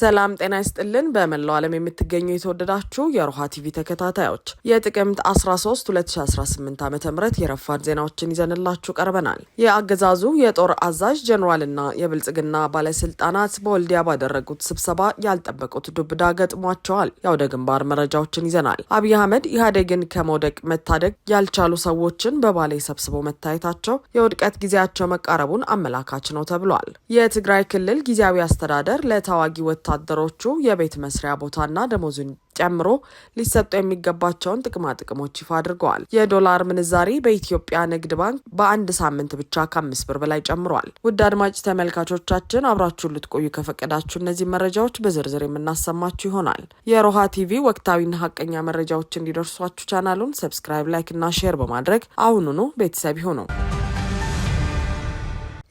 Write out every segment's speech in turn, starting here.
ሰላም ጤና ይስጥልን። በመላው ዓለም የምትገኙ የተወደዳችሁ የሮሃ ቲቪ ተከታታዮች የጥቅምት 13 2018 ዓ ም የረፋድ ዜናዎችን ይዘንላችሁ ቀርበናል። የአገዛዙ የጦር አዛዥ ጀኔራልና የብልጽግና ባለስልጣናት በወልዲያ ባደረጉት ስብሰባ ያልጠበቁት ዱብዳ ገጥሟቸዋል። የአውደ ግንባር መረጃዎችን ይዘናል። አብይ አህመድ ኢህአዴግን ከመውደቅ መታደግ ያልቻሉ ሰዎችን በባሌ ሰብስበው መታየታቸው የውድቀት ጊዜያቸው መቃረቡን አመላካች ነው ተብሏል። የትግራይ ክልል ጊዜያዊ አስተዳደር ለታዋጊ ወ ለወታደሮቹ የቤት መስሪያ ቦታና ደሞዙን ጨምሮ ሊሰጡ የሚገባቸውን ጥቅማ ጥቅሞች ይፋ አድርገዋል። የዶላር ምንዛሪ በኢትዮጵያ ንግድ ባንክ በአንድ ሳምንት ብቻ ከአምስት ብር በላይ ጨምሯል። ውድ አድማጭ ተመልካቾቻችን አብራችሁን ልትቆዩ ከፈቀዳችሁ እነዚህ መረጃዎች በዝርዝር የምናሰማችሁ ይሆናል። የሮሃ ቲቪ ወቅታዊና ሀቀኛ መረጃዎች እንዲደርሷችሁ ቻናሉን ሰብስክራይብ፣ ላይክ እና ሼር በማድረግ አሁኑኑ ቤተሰብ ይሁኑ።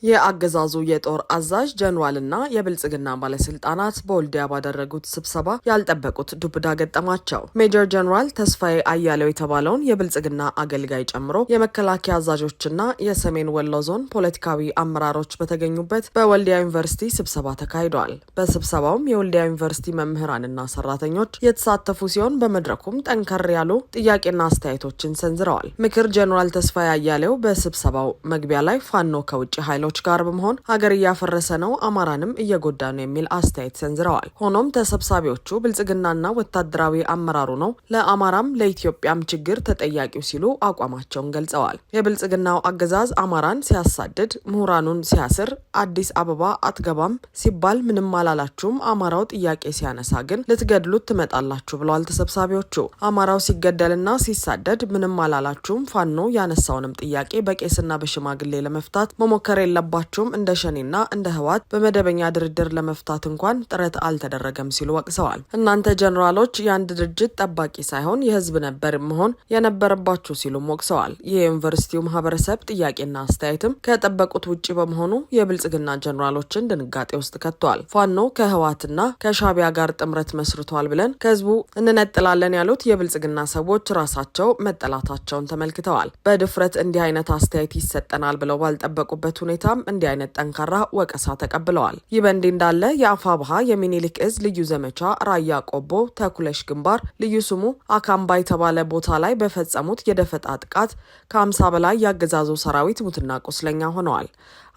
የአገዛዙ የጦር አዛዥ ጀኔራልና የብልጽግና ባለስልጣናት በወልዲያ ባደረጉት ስብሰባ ያልጠበቁት ዱብዳ ገጠማቸው። ሜጀር ጀኔራል ተስፋዬ አያሌው የተባለውን የብልጽግና አገልጋይ ጨምሮ የመከላከያ አዛዦችና የሰሜን ወሎ ዞን ፖለቲካዊ አመራሮች በተገኙበት በወልዲያ ዩኒቨርሲቲ ስብሰባ ተካሂደዋል። በስብሰባውም የወልዲያ ዩኒቨርሲቲ መምህራንና ሰራተኞች የተሳተፉ ሲሆን በመድረኩም ጠንከር ያሉ ጥያቄና አስተያየቶችን ሰንዝረዋል። ምክር ጀኔራል ተስፋዬ አያሌው በስብሰባው መግቢያ ላይ ፋኖ ከውጭ ኃይሎች ኃይሎች ጋር በመሆን ሀገር እያፈረሰ ነው፣ አማራንም እየጎዳ ነው የሚል አስተያየት ሰንዝረዋል። ሆኖም ተሰብሳቢዎቹ ብልጽግናና ወታደራዊ አመራሩ ነው ለአማራም ለኢትዮጵያም ችግር ተጠያቂው ሲሉ አቋማቸውን ገልጸዋል። የብልጽግናው አገዛዝ አማራን ሲያሳድድ፣ ምሁራኑን ሲያስር፣ አዲስ አበባ አትገባም ሲባል ምንም አላላችሁም፣ አማራው ጥያቄ ሲያነሳ ግን ልትገድሉት ትመጣላችሁ ብለዋል ተሰብሳቢዎቹ። አማራው ሲገደልና ሲሳደድ ምንም አላላችሁም፣ ፋኖ ያነሳውንም ጥያቄ በቄስና በሽማግሌ ለመፍታት መሞከር የለም ያለባቸውም እንደ ሸኔና እንደ ህወሓት በመደበኛ ድርድር ለመፍታት እንኳን ጥረት አልተደረገም ሲሉ ወቅሰዋል። እናንተ ጀኔራሎች የአንድ ድርጅት ጠባቂ ሳይሆን የህዝብ ነበር መሆን የነበረባችሁ ሲሉም ወቅሰዋል። የዩኒቨርሲቲው ማህበረሰብ ጥያቄና አስተያየትም ከጠበቁት ውጭ በመሆኑ የብልጽግና ጀኔራሎችን ድንጋጤ ውስጥ ከቷል። ፋኖ ከህወሓትና ከሻቢያ ጋር ጥምረት መስርቷል ብለን ከህዝቡ እንነጥላለን ያሉት የብልጽግና ሰዎች ራሳቸው መጠላታቸውን ተመልክተዋል። በድፍረት እንዲህ አይነት አስተያየት ይሰጠናል ብለው ባልጠበቁበት ሁኔታ ሁኔታም እንዲህ አይነት ጠንካራ ወቀሳ ተቀብለዋል። ይህ በእንዲህ እንዳለ የአፋብሃ የሚኒሊክ እዝ ልዩ ዘመቻ ራያ ቆቦ ተኩለሽ ግንባር ልዩ ስሙ አካምባ የተባለ ቦታ ላይ በፈጸሙት የደፈጣ ጥቃት ከ50 በላይ የአገዛዙ ሰራዊት ሙትና ቁስለኛ ሆነዋል።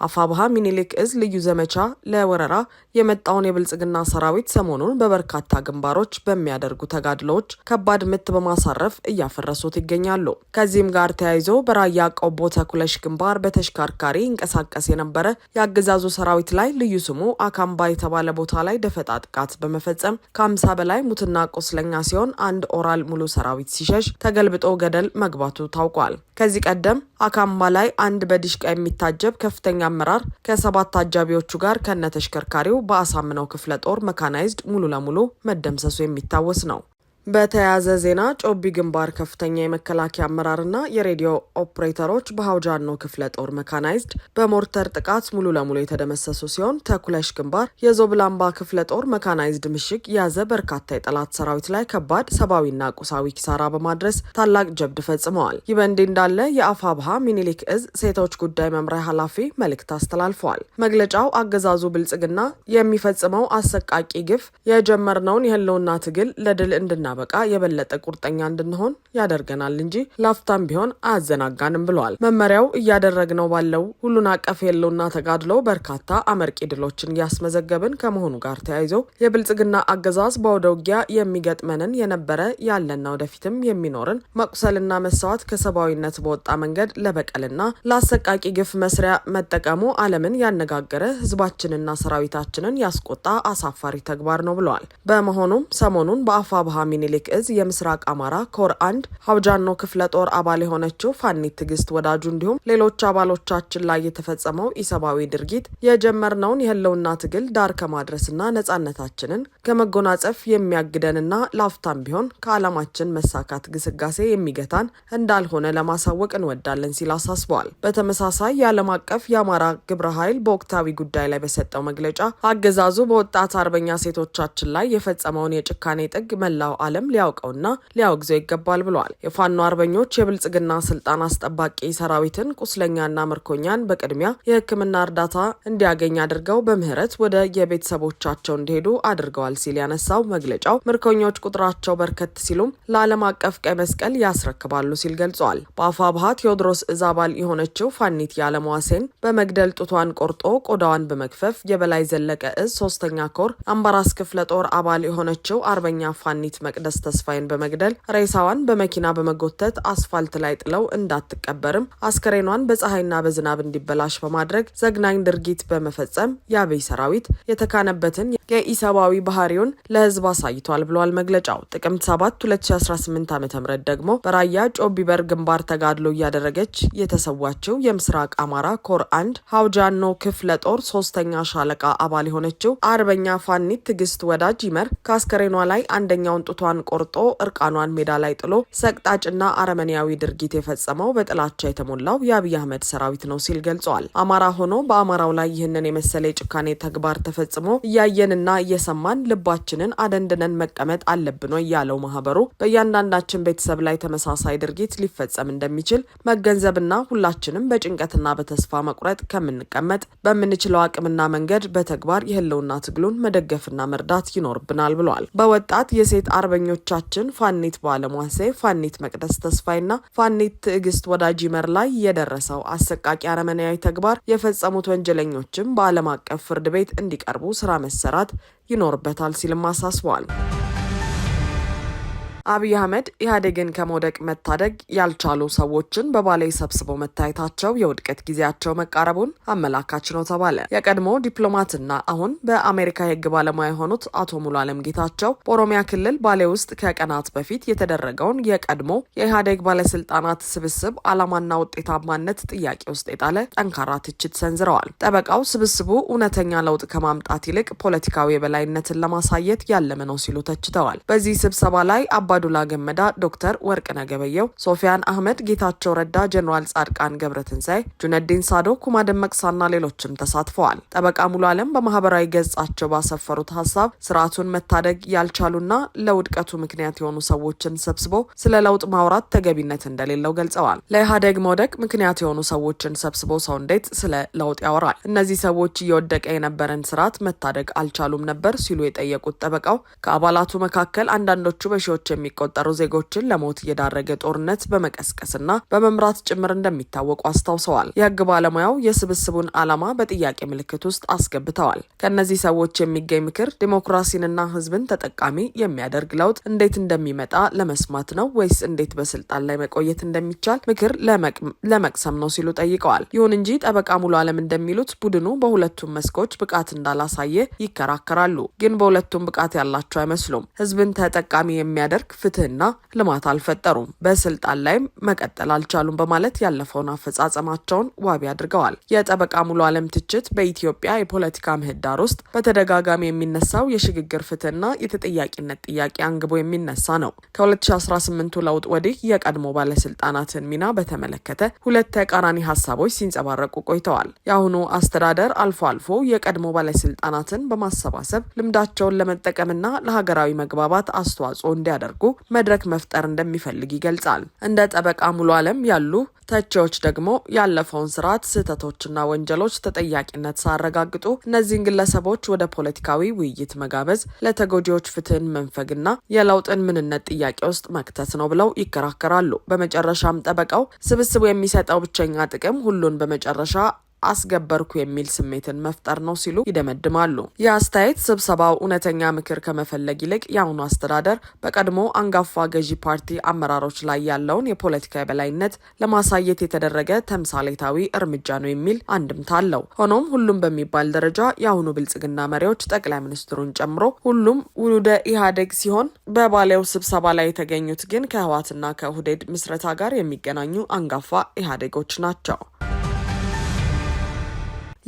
አፋብሃ ሚኒሊክ እዝ ልዩ ዘመቻ ለወረራ የመጣውን የብልጽግና ሰራዊት ሰሞኑን በበርካታ ግንባሮች በሚያደርጉ ተጋድሎዎች ከባድ ምት በማሳረፍ እያፈረሱት ይገኛሉ። ከዚህም ጋር ተያይዞ በራያ ቆቦ ተኩለሽ ግንባር በተሽከርካሪ ይንቀሳቀስ የነበረ የአገዛዙ ሰራዊት ላይ ልዩ ስሙ አካምባ የተባለ ቦታ ላይ ደፈጣ ጥቃት በመፈጸም ከአምሳ በላይ ሙትና ቁስለኛ ሲሆን አንድ ኦራል ሙሉ ሰራዊት ሲሸሽ ተገልብጦ ገደል መግባቱ ታውቋል። ከዚህ ቀደም አካምባ ላይ አንድ በዲሽቃ የሚታጀብ ከፍተኛ አመራር ከሰባት አጃቢዎቹ ጋር ከነተሽከርካሪው በአሳምነው ክፍለ ጦር መካናይዝድ ሙሉ ለሙሉ መደምሰሱ የሚታወስ ነው። በተያያዘ ዜና ጮቢ ግንባር ከፍተኛ የመከላከያ አመራርና የሬዲዮ ኦፕሬተሮች በሀውጃኖ ክፍለ ጦር መካናይዝድ በሞርተር ጥቃት ሙሉ ለሙሉ የተደመሰሱ ሲሆን ተኩለሽ ግንባር የዞብላምባ ክፍለ ጦር መካናይዝድ ምሽግ የያዘ በርካታ የጠላት ሰራዊት ላይ ከባድ ሰብአዊና ቁሳዊ ኪሳራ በማድረስ ታላቅ ጀብድ ፈጽመዋል። ይህ በእንዲህ እንዳለ የአፋብሃ ሚኒሊክ እዝ ሴቶች ጉዳይ መምሪያ ኃላፊ መልእክት አስተላልፈዋል። መግለጫው አገዛዙ ብልጽግና የሚፈጽመው አሰቃቂ ግፍ የጀመርነውን የህልውና ትግል ለድል እንድና እንድናበቃ የበለጠ ቁርጠኛ እንድንሆን ያደርገናል እንጂ ላፍታም ቢሆን አያዘናጋንም ብለዋል። መመሪያው እያደረግነው ባለው ሁሉን አቀፍ የለውና ተጋድሎ በርካታ አመርቂ ድሎችን እያስመዘገብን ከመሆኑ ጋር ተያይዞ የብልጽግና አገዛዝ በአውደ ውጊያ የሚገጥመንን የነበረ ያለና ወደፊትም የሚኖርን መቁሰልና መሰዋት ከሰብአዊነት በወጣ መንገድ ለበቀልና ለአሰቃቂ ግፍ መስሪያ መጠቀሙ ዓለምን ያነጋገረ ህዝባችንና ሰራዊታችንን ያስቆጣ አሳፋሪ ተግባር ነው ብለዋል። በመሆኑም ሰሞኑን በአፋ ባሃ ሚኒሊክ ምኒልክ እዝ የምስራቅ አማራ ኮር አንድ ሀውጃኖ ክፍለ ጦር አባል የሆነችው ፋኒት ትግስት ወዳጁ እንዲሁም ሌሎች አባሎቻችን ላይ የተፈጸመው ኢሰብአዊ ድርጊት የጀመርነውን የህልውና ትግል ዳር ከማድረስና ነጻነታችንን ከመጎናጸፍ የሚያግደንና ላፍታም ቢሆን ከዓላማችን መሳካት ግስጋሴ የሚገታን እንዳልሆነ ለማሳወቅ እንወዳለን ሲል አሳስበዋል። በተመሳሳይ የዓለም አቀፍ የአማራ ግብረ ኃይል በወቅታዊ ጉዳይ ላይ በሰጠው መግለጫ አገዛዙ በወጣት አርበኛ ሴቶቻችን ላይ የፈጸመውን የጭካኔ ጥግ መላው ዓለም ዓለም ሊያውቀውና ሊያወግዘው ይገባል ብለዋል። የፋኖ አርበኞች የብልጽግና ስልጣን አስጠባቂ ሰራዊትን ቁስለኛና ምርኮኛን በቅድሚያ የሕክምና እርዳታ እንዲያገኝ አድርገው በምህረት ወደ የቤተሰቦቻቸው እንዲሄዱ አድርገዋል ሲል ያነሳው መግለጫው ምርኮኞች ቁጥራቸው በርከት ሲሉም ለዓለም አቀፍ ቀይ መስቀል ያስረክባሉ ሲል ገልጿል። በአፋ ባሀ ቴዎድሮስ እዝ አባል የሆነችው ፋኒት የአለምዋሴን በመግደል ጡቷን ቆርጦ ቆዳዋን በመክፈፍ የበላይ ዘለቀ እዝ ሶስተኛ ኮር አምባራስ ክፍለ ጦር አባል የሆነችው አርበኛ ፋኒት መቅ መቅደስ ተስፋዬን በመግደል ሬሳዋን በመኪና በመጎተት አስፋልት ላይ ጥለው እንዳትቀበርም አስከሬኗን በፀሐይና በዝናብ እንዲበላሽ በማድረግ ዘግናኝ ድርጊት በመፈጸም የአብይ ሰራዊት የተካነበትን የኢሰብአዊ ባህሪውን ለህዝብ አሳይቷል ብሏል መግለጫው። ጥቅምት 7 2018 ዓ ም ደግሞ በራያ ጮቢበር ግንባር ተጋድሎ እያደረገች የተሰዋችው የምስራቅ አማራ ኮር አንድ ሀውጃኖ ክፍለ ጦር ሶስተኛ ሻለቃ አባል የሆነችው አርበኛ ፋኒት ትዕግስት ወዳጅ ይመር ከአስከሬኗ ላይ አንደኛውን ጡቷ አንገቷን ቆርጦ እርቃኗን ሜዳ ላይ ጥሎ ሰቅጣጭና አረመኔያዊ ድርጊት የፈጸመው በጥላቻ የተሞላው የአብይ አህመድ ሰራዊት ነው ሲል ገልጸዋል። አማራ ሆኖ በአማራው ላይ ይህንን የመሰለ የጭካኔ ተግባር ተፈጽሞ እያየንና እየሰማን ልባችንን አደንድነን መቀመጥ አለብን ወይ ያለው ማህበሩ በእያንዳንዳችን ቤተሰብ ላይ ተመሳሳይ ድርጊት ሊፈጸም እንደሚችል መገንዘብና ሁላችንም በጭንቀትና በተስፋ መቁረጥ ከምንቀመጥ በምንችለው አቅምና መንገድ በተግባር የህልውና ትግሉን መደገፍና መርዳት ይኖርብናል ብለዋል። በወጣት የሴት አርበ አርበኞቻችን ፋኒት ባለሟሴ ፋኒት መቅደስ ተስፋይና ፋኒት ትዕግስት ወዳጅ ይመር ላይ የደረሰው አሰቃቂ አረመናያዊ ተግባር የፈጸሙት ወንጀለኞችም በዓለም አቀፍ ፍርድ ቤት እንዲቀርቡ ስራ መሰራት ይኖርበታል ሲልም አሳስቧል። አብይ አህመድ ኢህአዴግን ከመውደቅ መታደግ ያልቻሉ ሰዎችን በባሌ ሰብስበው መታየታቸው የውድቀት ጊዜያቸው መቃረቡን አመላካች ነው ተባለ። የቀድሞ ዲፕሎማትና አሁን በአሜሪካ የህግ ባለሙያ የሆኑት አቶ ሙሉ አለም ጌታቸው በኦሮሚያ ክልል ባሌ ውስጥ ከቀናት በፊት የተደረገውን የቀድሞ የኢህአዴግ ባለስልጣናት ስብስብ ዓላማና ውጤታማነት ጥያቄ ውስጥ የጣለ ጠንካራ ትችት ሰንዝረዋል። ጠበቃው ስብስቡ እውነተኛ ለውጥ ከማምጣት ይልቅ ፖለቲካዊ የበላይነትን ለማሳየት ያለመ ነው ሲሉ ተችተዋል። በዚህ ስብሰባ ላይ አባ አባዱላ ገመዳ፣ ዶክተር ወርቅነ ገበየው፣ ሶፊያን አህመድ፣ ጌታቸው ረዳ፣ ጀኔራል ጻድቃን ገብረትንሳይ፣ ጁነዲን ሳዶ፣ ኩማ ደመቅሳና ሌሎችም ተሳትፈዋል። ጠበቃ ሙሉ አለም በማህበራዊ ገጻቸው ባሰፈሩት ሀሳብ ስርዓቱን መታደግ ያልቻሉና ለውድቀቱ ምክንያት የሆኑ ሰዎችን ሰብስቦ ስለ ለውጥ ማውራት ተገቢነት እንደሌለው ገልጸዋል። ለኢህአዴግ መውደቅ ምክንያት የሆኑ ሰዎችን ሰብስቦ ሰው እንዴት ስለ ለውጥ ያወራል? እነዚህ ሰዎች እየወደቀ የነበረን ስርዓት መታደግ አልቻሉም ነበር ሲሉ የጠየቁት ጠበቃው ከአባላቱ መካከል አንዳንዶቹ በሺዎች የሚ የሚቆጠሩ ዜጎችን ለሞት እየዳረገ ጦርነት በመቀስቀስና በመምራት ጭምር እንደሚታወቁ አስታውሰዋል። የህግ ባለሙያው የስብስቡን ዓላማ በጥያቄ ምልክት ውስጥ አስገብተዋል። ከእነዚህ ሰዎች የሚገኝ ምክር ዲሞክራሲንና ህዝብን ተጠቃሚ የሚያደርግ ለውጥ እንዴት እንደሚመጣ ለመስማት ነው ወይስ እንዴት በስልጣን ላይ መቆየት እንደሚቻል ምክር ለመቅሰም ነው ሲሉ ጠይቀዋል። ይሁን እንጂ ጠበቃ ሙሉ አለም እንደሚሉት ቡድኑ በሁለቱም መስኮች ብቃት እንዳላሳየ ይከራከራሉ። ግን በሁለቱም ብቃት ያላቸው አይመስሉም። ህዝብን ተጠቃሚ የሚያደርግ ፍትህና ልማት አልፈጠሩም፣ በስልጣን ላይም መቀጠል አልቻሉም በማለት ያለፈውን አፈጻጸማቸውን ዋቢ አድርገዋል። የጠበቃ ሙሉ አለም ትችት በኢትዮጵያ የፖለቲካ ምህዳር ውስጥ በተደጋጋሚ የሚነሳው የሽግግር ፍትህና የተጠያቂነት ጥያቄ አንግቦ የሚነሳ ነው። 2018 ለውጥ ወዲህ የቀድሞ ባለስልጣናትን ሚና በተመለከተ ሁለት ተቃራኒ ሀሳቦች ሲንጸባረቁ ቆይተዋል። የአሁኑ አስተዳደር አልፎ አልፎ የቀድሞ ባለስልጣናትን በማሰባሰብ ልምዳቸውን ለመጠቀምና ለሀገራዊ መግባባት አስተዋጽኦ እንዲያደርጉ አድርጎ መድረክ መፍጠር እንደሚፈልግ ይገልጻል። እንደ ጠበቃ ሙሉ አለም ያሉ ተቺዎች ደግሞ ያለፈውን ስርዓት ስህተቶችና ወንጀሎች ተጠያቂነት ሳረጋግጡ። እነዚህን ግለሰቦች ወደ ፖለቲካዊ ውይይት መጋበዝ ለተጎጂዎች ፍትህን መንፈግና የለውጥን ምንነት ጥያቄ ውስጥ መክተት ነው ብለው ይከራከራሉ። በመጨረሻም ጠበቃው ስብስቡ የሚሰጠው ብቸኛ ጥቅም ሁሉን በመጨረሻ አስገበርኩ የሚል ስሜትን መፍጠር ነው ሲሉ ይደመድማሉ። የአስተያየት ስብሰባው እውነተኛ ምክር ከመፈለግ ይልቅ የአሁኑ አስተዳደር በቀድሞ አንጋፋ ገዢ ፓርቲ አመራሮች ላይ ያለውን የፖለቲካ የበላይነት ለማሳየት የተደረገ ተምሳሌታዊ እርምጃ ነው የሚል አንድምታ አለው። ሆኖም ሁሉም በሚባል ደረጃ የአሁኑ ብልጽግና መሪዎች ጠቅላይ ሚኒስትሩን ጨምሮ ሁሉም ውሉደ ኢህአዴግ ሲሆን በባሌው ስብሰባ ላይ የተገኙት ግን ከህወሓትና ከሁዴድ ምስረታ ጋር የሚገናኙ አንጋፋ ኢህአዴጎች ናቸው።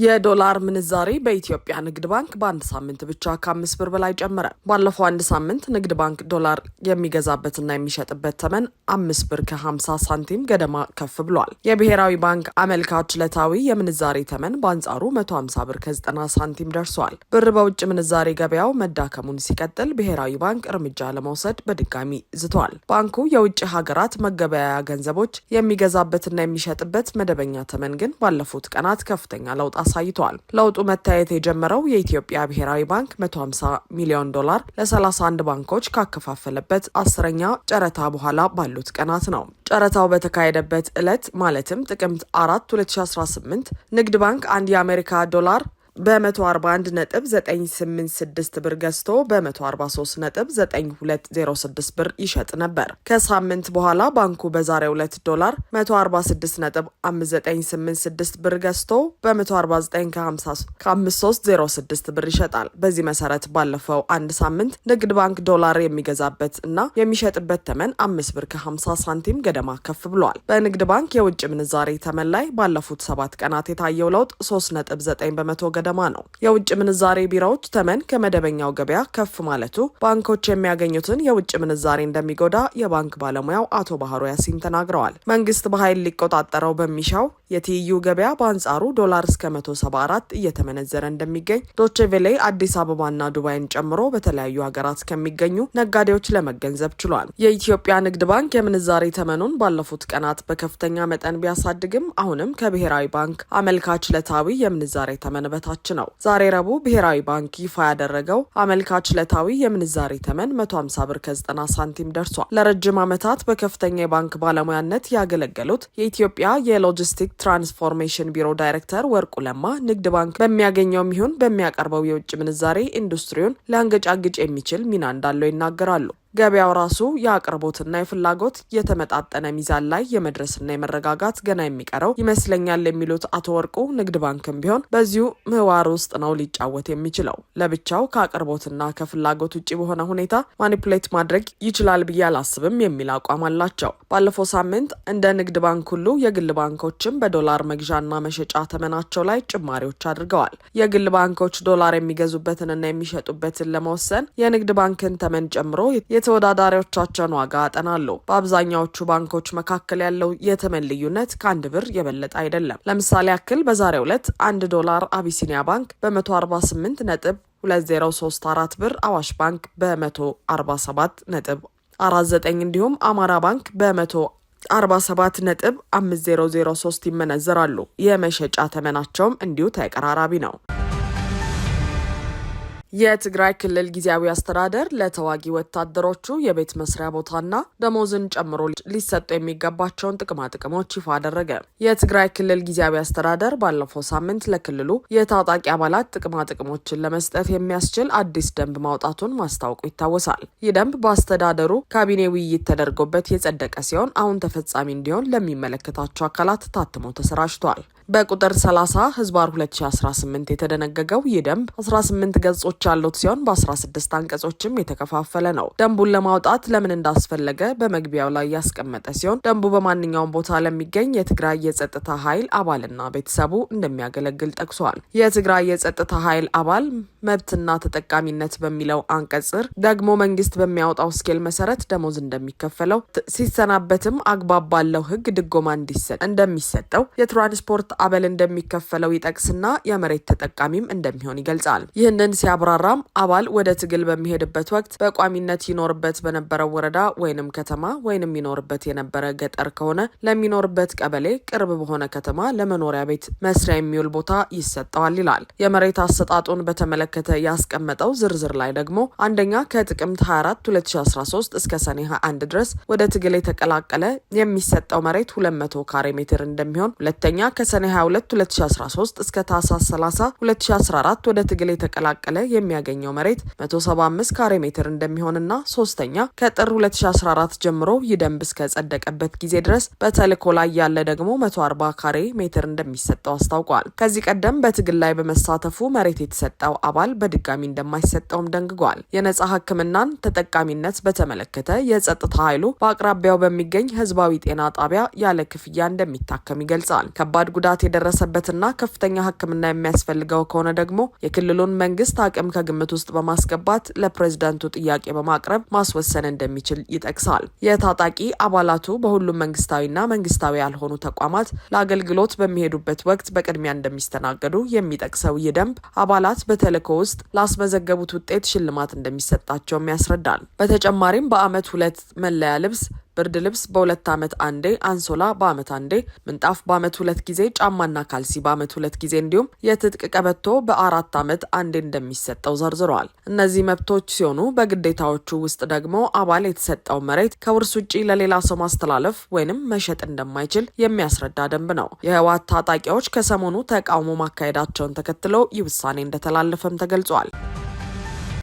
የዶላር ምንዛሬ በኢትዮጵያ ንግድ ባንክ በአንድ ሳምንት ብቻ ከአምስት ብር በላይ ጨመረ። ባለፈው አንድ ሳምንት ንግድ ባንክ ዶላር የሚገዛበትና የሚሸጥበት ተመን አምስት ብር ከ50 ሳንቲም ገደማ ከፍ ብሏል። የብሔራዊ ባንክ አመልካች ዕለታዊ የምንዛሬ ተመን በአንጻሩ 150 ብር ከ90 ሳንቲም ደርሷል። ብር በውጭ ምንዛሬ ገበያው መዳከሙን ሲቀጥል ብሔራዊ ባንክ እርምጃ ለመውሰድ በድጋሚ ዝቷል። ባንኩ የውጭ ሀገራት መገበያያ ገንዘቦች የሚገዛበትና የሚሸጥበት መደበኛ ተመን ግን ባለፉት ቀናት ከፍተኛ ለውጥ አሳይቷል። ለውጡ መታየት የጀመረው የኢትዮጵያ ብሔራዊ ባንክ 150 ሚሊዮን ዶላር ለ31 ባንኮች ካከፋፈለበት አስረኛ ጨረታ በኋላ ባሉት ቀናት ነው። ጨረታው በተካሄደበት ዕለት ማለትም ጥቅምት 4 2018 ንግድ ባንክ አንድ የአሜሪካ ዶላር በ141.986 ብር ገዝቶ በ143.926 ብር ይሸጥ ነበር። ከሳምንት በኋላ ባንኩ በዛሬ 2 ዶላር 146.5986 ብር ገዝቶ በ149.5306 ብር ይሸጣል። በዚህ መሰረት ባለፈው አንድ ሳምንት ንግድ ባንክ ዶላር የሚገዛበት እና የሚሸጥበት ተመን 5 ብር ከ50 ሳንቲም ገደማ ከፍ ብሏል። በንግድ ባንክ የውጭ ምንዛሬ ተመን ላይ ባለፉት ሰባት ቀናት የታየው ለውጥ 3.9 በመቶ ገደማ ነው። የውጭ ምንዛሬ ቢራዎች ተመን ከመደበኛው ገበያ ከፍ ማለቱ ባንኮች የሚያገኙትን የውጭ ምንዛሬ እንደሚጎዳ የባንክ ባለሙያው አቶ ባህሩ ያሲን ተናግረዋል። መንግስት በኃይል ሊቆጣጠረው በሚሻው የትይዩ ገበያ በአንጻሩ ዶላር እስከ 174 እየተመነዘረ እንደሚገኝ ዶቼቬሌ አዲስ አበባና ዱባይን ጨምሮ በተለያዩ ሀገራት ከሚገኙ ነጋዴዎች ለመገንዘብ ችሏል። የኢትዮጵያ ንግድ ባንክ የምንዛሬ ተመኑን ባለፉት ቀናት በከፍተኛ መጠን ቢያሳድግም አሁንም ከብሔራዊ ባንክ አመልካች ዕለታዊ የምንዛሬ ተመን በታ በታች ነው። ዛሬ ረቡዕ ብሔራዊ ባንክ ይፋ ያደረገው አመልካች ዕለታዊ የምንዛሬ ተመን 150 ብር ከ90 ሳንቲም ደርሷል። ለረጅም ዓመታት በከፍተኛ የባንክ ባለሙያነት ያገለገሉት የኢትዮጵያ የሎጂስቲክ ትራንስፎርሜሽን ቢሮ ዳይሬክተር ወርቁ ለማ ንግድ ባንክ በሚያገኘውም ይሁን በሚያቀርበው የውጭ ምንዛሬ ኢንዱስትሪውን ሊያንገጫግጭ የሚችል ሚና እንዳለው ይናገራሉ። ገበያው ራሱ የአቅርቦትና የፍላጎት የተመጣጠነ ሚዛን ላይ የመድረስና የመረጋጋት ገና የሚቀረው ይመስለኛል የሚሉት አቶ ወርቁ ንግድ ባንክም ቢሆን በዚሁ ምህዋር ውስጥ ነው ሊጫወት የሚችለው። ለብቻው ከአቅርቦትና ከፍላጎት ውጭ በሆነ ሁኔታ ማኒፕሌት ማድረግ ይችላል ብዬ አላስብም የሚል አቋም አላቸው። ባለፈው ሳምንት እንደ ንግድ ባንክ ሁሉ የግል ባንኮችም በዶላር መግዣና መሸጫ ተመናቸው ላይ ጭማሪዎች አድርገዋል። የግል ባንኮች ዶላር የሚገዙበትንና የሚሸጡበትን ለመወሰን የንግድ ባንክን ተመን ጨምሮ የተወዳዳሪዎቻቸውን ዋጋ አጠናሉ። በአብዛኛዎቹ ባንኮች መካከል ያለው የተመን ልዩነት ከአንድ ብር የበለጠ አይደለም። ለምሳሌ ያክል በዛሬው ዕለት አንድ ዶላር አቢሲኒያ ባንክ በ148 ነጥብ 2034 ብር አዋሽ ባንክ በ147 ነጥብ 49 እንዲሁም አማራ ባንክ በ 147 ነጥብ 5003 ይመነዘራሉ። የመሸጫ ተመናቸውም እንዲሁ ተቀራራቢ ነው። የትግራይ ክልል ጊዜያዊ አስተዳደር ለተዋጊ ወታደሮቹ የቤት መስሪያ ቦታና ደሞዝን ጨምሮ ሊሰጡ የሚገባቸውን ጥቅማ ጥቅሞች ይፋ አደረገ። የትግራይ ክልል ጊዜያዊ አስተዳደር ባለፈው ሳምንት ለክልሉ የታጣቂ አባላት ጥቅማ ጥቅሞችን ለመስጠት የሚያስችል አዲስ ደንብ ማውጣቱን ማስታወቁ ይታወሳል። ይህ ደንብ በአስተዳደሩ ካቢኔ ውይይት ተደርጎበት የጸደቀ ሲሆን አሁን ተፈጻሚ እንዲሆን ለሚመለከታቸው አካላት ታትሞ ተሰራጭቷል። በቁጥር 30 ህዝባር 2018 የተደነገገው ይህ ደንብ 18 ገጾች ያሉት ሲሆን በ16 አንቀጾችም የተከፋፈለ ነው። ደንቡን ለማውጣት ለምን እንዳስፈለገ በመግቢያው ላይ ያስቀመጠ ሲሆን ደንቡ በማንኛውም ቦታ ለሚገኝ የትግራይ የጸጥታ ኃይል አባልና ቤተሰቡ እንደሚያገለግል ጠቅሷል። የትግራይ የጸጥታ ኃይል አባል መብትና ተጠቃሚነት በሚለው አንቀጽር ደግሞ መንግስት በሚያወጣው ስኬል መሰረት ደሞዝ እንደሚከፈለው ሲሰናበትም አግባብ ባለው ህግ ድጎማ እንደሚሰጠው የትራንስፖርት አበል እንደሚከፈለው ይጠቅስና የመሬት ተጠቃሚም እንደሚሆን ይገልጻል። ይህንን ሲያብራራም አባል ወደ ትግል በሚሄድበት ወቅት በቋሚነት ይኖርበት በነበረው ወረዳ ወይንም ከተማ ወይንም ይኖርበት የነበረ ገጠር ከሆነ ለሚኖርበት ቀበሌ ቅርብ በሆነ ከተማ ለመኖሪያ ቤት መስሪያ የሚውል ቦታ ይሰጠዋል ይላል። የመሬት አሰጣጡን በተመለከ በተመለከተ ያስቀመጠው ዝርዝር ላይ ደግሞ አንደኛ ከጥቅምት 24 2013 እስከ ሰኔ 21 ድረስ ወደ ትግል የተቀላቀለ የሚሰጠው መሬት 200 ካሬ ሜትር እንደሚሆን፣ ሁለተኛ ከሰኔ 22 2013 እስከ ታህሳስ 30 2014 ወደ ትግል የተቀላቀለ የሚያገኘው መሬት 175 ካሬ ሜትር እንደሚሆንና ሶስተኛ ከጥር 2014 ጀምሮ ይህ ደንብ እስከ ጸደቀበት ጊዜ ድረስ በተልኮ ላይ ያለ ደግሞ 140 ካሬ ሜትር እንደሚሰጠው አስታውቋል። ከዚህ ቀደም በትግል ላይ በመሳተፉ መሬት የተሰጠው አባል አባል በድጋሚ እንደማይሰጠውም ደንግጓል። የነጻ ህክምናን ተጠቃሚነት በተመለከተ የጸጥታ ኃይሉ በአቅራቢያው በሚገኝ ህዝባዊ ጤና ጣቢያ ያለ ክፍያ እንደሚታከም ይገልጻል። ከባድ ጉዳት የደረሰበትና ከፍተኛ ሕክምና የሚያስፈልገው ከሆነ ደግሞ የክልሉን መንግስት አቅም ከግምት ውስጥ በማስገባት ለፕሬዝዳንቱ ጥያቄ በማቅረብ ማስወሰን እንደሚችል ይጠቅሳል። የታጣቂ አባላቱ በሁሉም መንግስታዊና መንግስታዊ ያልሆኑ ተቋማት ለአገልግሎት በሚሄዱበት ወቅት በቅድሚያ እንደሚስተናገዱ የሚጠቅሰው ይህ ደንብ አባላት በተልእኮ ሜክሲኮ ውስጥ ላስመዘገቡት ውጤት ሽልማት እንደሚሰጣቸውም ያስረዳል። በተጨማሪም በአመት ሁለት መለያ ልብስ ብርድ ልብስ በሁለት ዓመት አንዴ፣ አንሶላ በዓመት አንዴ፣ ምንጣፍ በዓመት ሁለት ጊዜ፣ ጫማና ካልሲ በዓመት ሁለት ጊዜ እንዲሁም የትጥቅ ቀበቶ በአራት ዓመት አንዴ እንደሚሰጠው ዘርዝረዋል። እነዚህ መብቶች ሲሆኑ በግዴታዎቹ ውስጥ ደግሞ አባል የተሰጠው መሬት ከውርስ ውጪ ለሌላ ሰው ማስተላለፍ ወይንም መሸጥ እንደማይችል የሚያስረዳ ደንብ ነው። የህወሓት ታጣቂዎች ከሰሞኑ ተቃውሞ ማካሄዳቸውን ተከትሎ ይህ ውሳኔ እንደተላለፈም ተገልጿል።